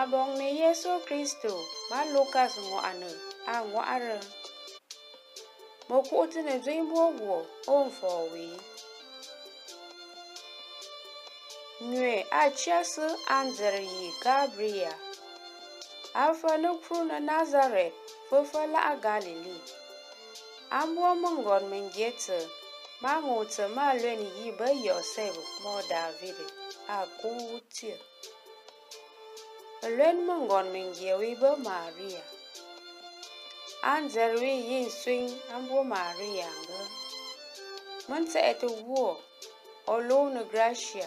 abong ne Yesu Kristo ma Lukas ŋɔɣini a ŋɔhiri mo kuɣuti ni dɔyimbo wuo o ni foowi nyuɛ a chɛsi a ni diri yi Gabriya afa ni kuruni Nazaret fufa laɣa Galili ambo mingɔn min geti ma ŋuti ma lɔni yi bɛ yɔsef mɔ Davide a Lên ren mongon min jewi bo maria an zerwi yên swing an bo maria bo sẽ sa vô, ô olo na gracia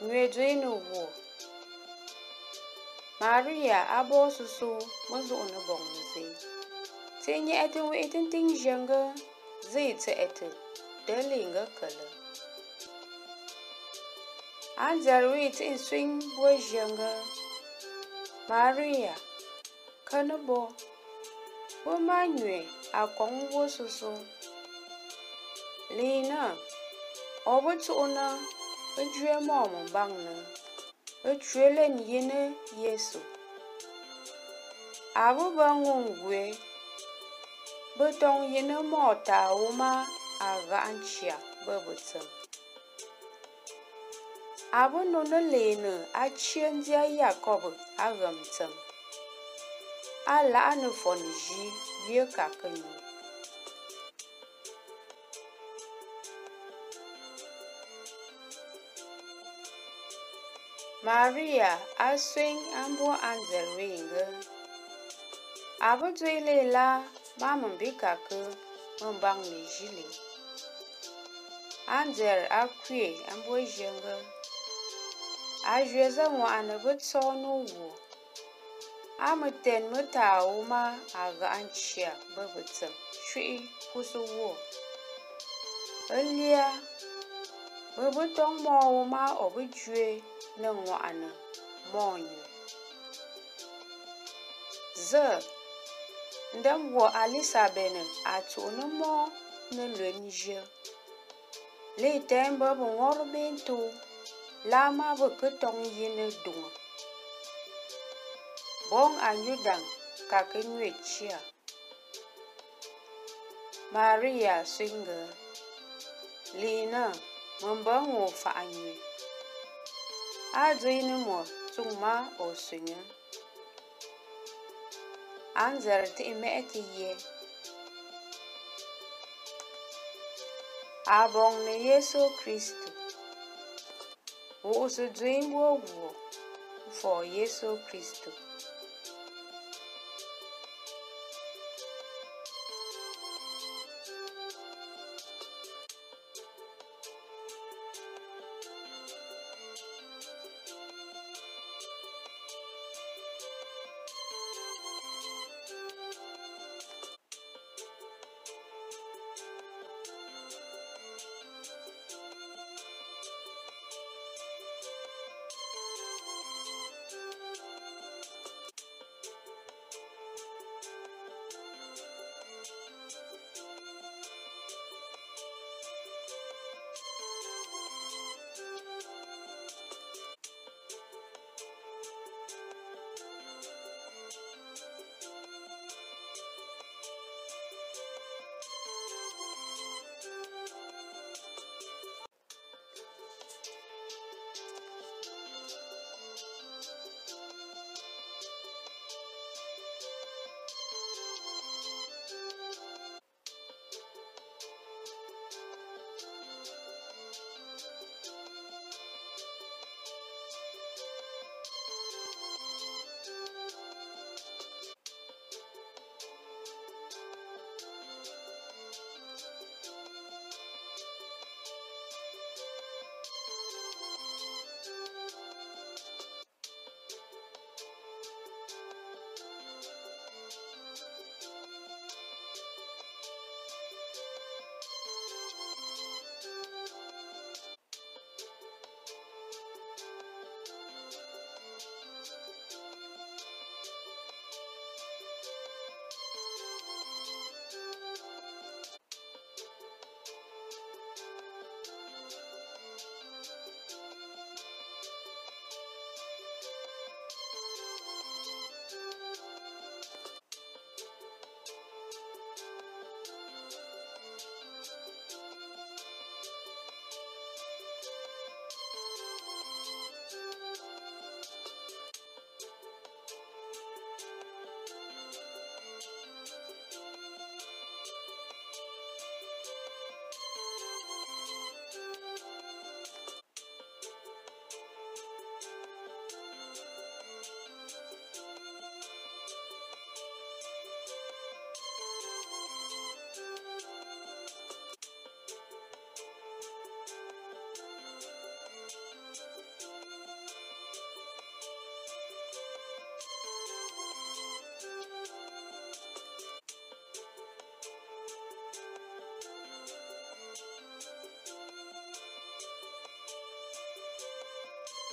duy no vô, maria abo susu mun zo na bong ni se tinye eto wi tin tin jenga zai ta eto dalinga kala Anjarit iswing bwojanga. Maria, kanabo. Womanywe akong wosuso. Lina, obutu ona, ujwe momo bangna. Ujwelen yene yesu. Abu bangungwe. Betong yene mota woma aganchia bebetsem. Abu ni leeni a chiɛndiya Yakob a ɣimtim a laɣa ni vɔni ʒi ye ka Maria a swing an bo an zali weengi a bi la maa min be ka ki min baŋ mi ʒili a zali a kwe an Ajueza zan bɛ tsɔɔ ni ŋwu, a mɨtɛ̀ɛ̀ mɨ tàa maa àghaʼ ǹtsya bɨ bɨtsɨm cwi'i kusɨ ghu ò. Bɨ lya, bɨ bə tɔŋ mɔ̀ʼɔ maa ò bɨ jwe nɨ̂ ŋwà'ànə̀ mɔ̂nyɨ̀. Zâ, ndəm gho à lisàbə̀nə̀ àtsù'ù mɔɔ nɨ̂ ǹlwen njyə́. Lî tɛ̌ bi bɨ ŋɔrə laa maa bɛ kɨ tɔŋ yini duŋɔ. Bɔŋ anyudaŋ ka kɨ nyuɛ chia. Maria swingi. Lina ŋun bɔŋ ŋɔ faɣa nyuɛ. A duyini mɔ tum maa o sunyi. A ni tihi mɛhi ti yɛ. A bɔŋ ni Yesu Kristo. Was a dream world war for Jesus Christ.